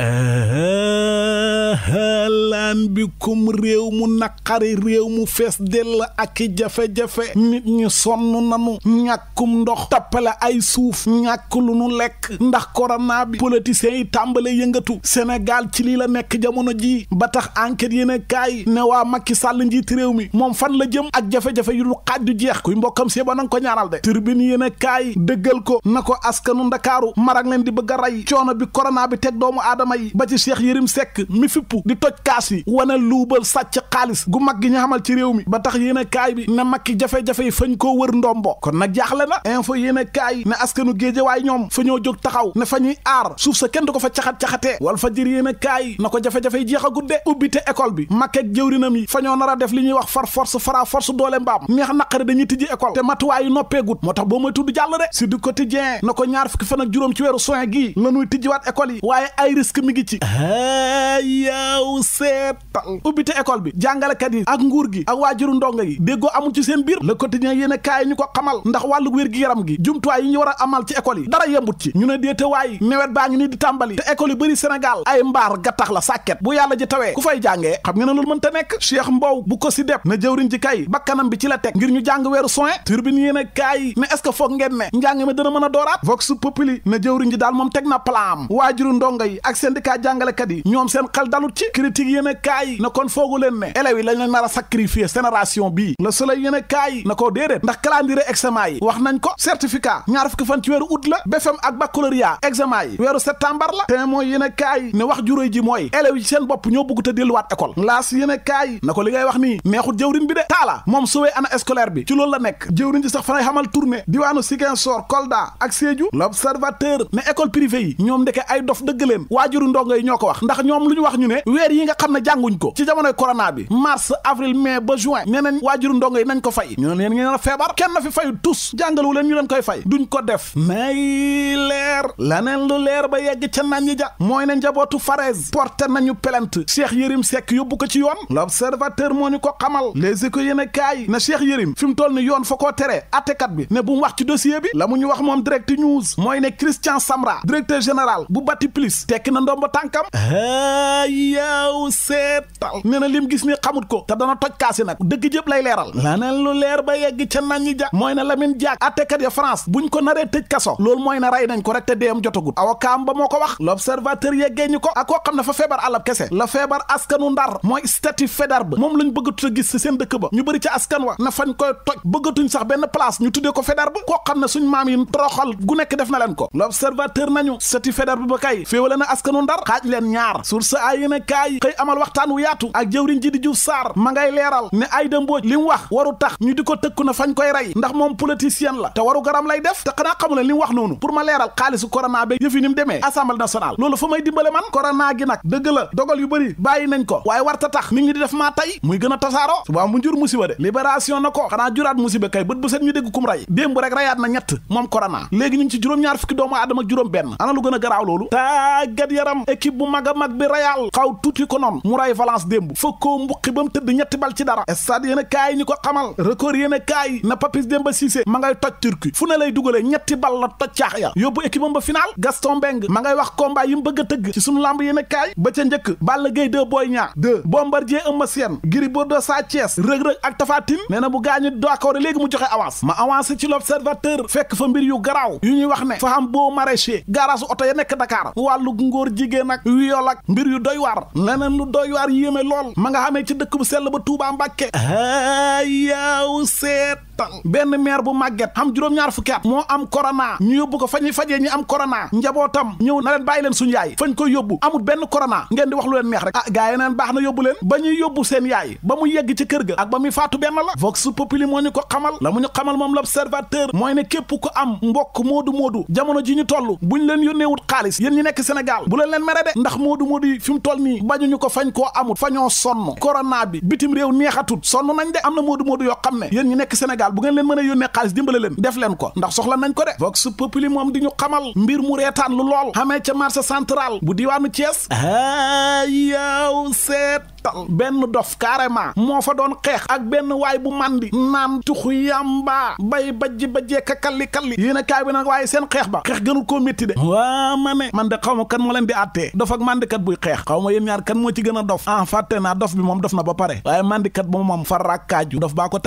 Uh-huh. ñaan bi kum réew mu naqari réew mu fees dell ak i jafe-jafe nit ñi sonn nanu ñàkkum ndox tappale ay suuf ñàkk lu nu lekk ndax korona bi politiciens yi tàmbale yëngatu Sénégal ci lii la nekk jamono ji ba tax enquête yéen kaay ne waa Macky Sall njiit réew mi moom fan la jëm ak jafe-jafe yu dul xaaj jeex kuy mbokkam see ba nanga ko ñaanal de turbine yéen kaay dëggal ko na ko askanu ndakaaru marak leen di bëgg a coono bi korona bi teg doomu aadama yi ba ci Cheikh yi wana luubal sàcc xaalis gu mag gi ñu xamal ci réew mi ba tax yéen a kaay bi ne makki jafe-jafe yi fañ koo wër ndombo kon nag jaaxle na info yéen a kaay ne askanu géejawaay ñoom fa ñoo jóg taxaw ne fa aar suuf sa kenn du ko fa caxat-caxatee wal fa jër yéen a kaay na ko jafe-jafe yi jeex a gudde ubbite école bi makk ak jëwrinam yi fa ñoo nar a def li ñuy wax far force fara force doole mbaam neex naqari dañuy tijji école te matuwaayu noppeegut moo tax boo mooy tudd jàll de si du quotidien na mi lépp ubbite école bi jàngalekat yi ak nguur gi ak waajuru ndongo yi déggoo amul ci seen biir le quotidien yéen a kaay ñu ko xamal ndax wàllu wér-gi-yaram gi jumtuwaay yi ñu war a amal ci école yi dara yembut ci ñu ne déete waay nawet baa ñu ni di tàmbali te école yu bëri Sénégal ay mbaar gattax sàkket bu yàlla ji tawee ku fay jàngee xam nga loolu mën ta nekk Cheikh Mbow bu ko si def na jëwriñ ci kay bakkanam bi ci la teg ngir ñu jàng weeru a a kaay na kon foogu ne élèves yi lañ leen nar a sacrifier génération bii le soleil yéen a kaay na ko déedéet ndax calendrier examen yi wax nañ ko certificat ñaar fukki fan ci weeru août la BFM ak baccalauréat examen yi weeru septembre la te mooy ne wax juróy ji mooy élèves seen bopp ñoo bugg te delluwaat école laas yéen na ko li wax nii neexut jëwrin bi de taala moom suwee année scolaire bi ci loolu la nekk jëwrin ji sax fanay ay dof dëgg jànguñ ko ci jamonoy corona bi mars avril mai ba juin nee nañ waajuru ndongo yi nañ ko fay ñu ne yéen ngeen feebar kenn na fi fayu tus jàngalu leen ñu leen koy fay duñ ko def may leer laneen lu leer ba yegg ca nañ ñi ja mooy ne njabootu Fares porté nañu plainte Cheikh Yérim Seck yóbbu ko ci yoon l'observateur moo ñu ko xamal les échos yéen a kaay na Cheikh Yérim fi mu toll ni yoon fo koo tere attekat bi ne bu mu wax ci dossier bi la mu ñu wax moom direct news mooy ne Christian Samra directeur tekki na ndomba tànkam seetal nee na lim gis ni xamut ko te dana toj kaasi nag dëgg jëpp lay leeral laneen lu leer ba yegg ca nañ ñi ja mooy na Lamine Diack attekat ya France buñ ko naree tëj kaso loolu mooy na rey nañ ko rek te dee deem jotagut awakaam ba moo ko wax l'observateur yeggee ñu ko ak koo xam ne fa feebar alab kese la feebar askanu ndar mooy statut fédar ba moom lañ bëggatu a gis ci seen dëkk ba ñu bëri ci askan wa na fañ koy toj bëggatuñ sax benn place ñu tuddee ko fédar ba koo xam ne suñ maam yi toroxal gu nekk def na leen ko l'observateur nañu statut fédar ba ba kay féewale na askanu ndar xaaj leen ñaar source ay yéen a kaay xëy waxtaan wu yaatu ak jëwriñ ji di Diouf Sarr ma ngay leeral ne Aïda Mbodj li wax waru tax ñu di ko tëkku na fañ koy rey ndax moom politicien la te waru garam lay def te xanaa xamu leen li wax noonu pour ma leeral xaalisu corona ba yëf yi ni mu demee assemblée nationale loolu fa may dimbale man corona gi nag dëgg dogal yu bëri bàyyi nañ ko waaye warta tax nit ñi di def ma tey muy gën a tasaaroo mu jur musiba de libération na ko xanaa juraat musiba kay bët bu set ñu dégg léegi ñu ngi ci juróom-ñaar fukki doomu aadama ak juróom benn ana lu gën a garaaw loolu tàggat yaram a mag bi Real xaw tuuti ko noonu mu ray Valence démb fa koo mbuqi ba mu tëdd ñetti bal ci dara stade yéen a ko xamal record yéen na Papis Demba Cissé ma ngay toj Turquie fu ne lay dugalee ñetti bal la toj caax ya yóbbu équipe ba final Gaston Mbengue ma ngay wax combat yi mu a tëgg ci sunu lamb yéen a kaay ba ca njëkk Balla Gaye 2 Boy Niang 2 Bombardier Eumeu Sène Gris Bordeaux Sa Thiès Rëg-rëg ak Tapha Tine nee na bu gaañu d'accord léegi mu joxe avance ma avancé ci l'observateur fekk fa mbir yu garaaw yu ñuy wax ne fa xam boo maraîcher garage oto ya nekk Dakar wàllu ngóor jigéen ak wiol ak mbir yu doy war leneen lu doy waar yéeme lool ma nga xamee ci dëkk bu sell ba Tuubaa Mbàkke yaaw seet tan benn maire bu màgget xam juróom-ñaar fukki at moo am corona ñu yóbbu ko fañ ñuy fajee ñi am corona njabootam ñëw na leen bàyyi leen suñu yaay fañ koy yóbbu amul benn corona ngeen di wax lu leen neex rek ah gars yi neen baax na yóbbu leen ba ñuy yóbbu seen yaay ba mu yegg ci kër ga ak ba muy faatu benn la vox populi moo ñu ko xamal la mu ñu xamal moom l'observateur mooy ne képp ko am mbokk moodu moodu jamono ji ñu toll ñu leen yónneewut xaalis yéen ñi nekk Sénégal bu leen leen de ndax moodu moodu mu toll nii ñu ko fañ koo amut fañoo sonn corona bi bitim réew neexatut sonn nañ de am na moodu moodu yoo xam ne yéen ñi nekk Sénégal bu ngeen leen mën a yónnee xaalis dimbale leen def leen ko ndax soxla nañ ko de vox populi moom di ñu xamal mbir mu reetaan lu lool xamee ca marché central bu diwaanu Thiès a yow benn dof carrément moo fa doon xeex ak benn waay bu màndi naan tuxu yàmba bay bajj bajjee ka kalli kalli yéen a kaay bi nag waaye seen xeex ba xeex gënul koo métti de waa ma ne man de xaw ma kan moo leen di àttee dof ak màndikat buy xeex xaw ma yéen ñaar kan moo ci gën a dof en fàtte bi moom dof na ba pare waaye màndikat ba moom far rakkaaju dof baa ko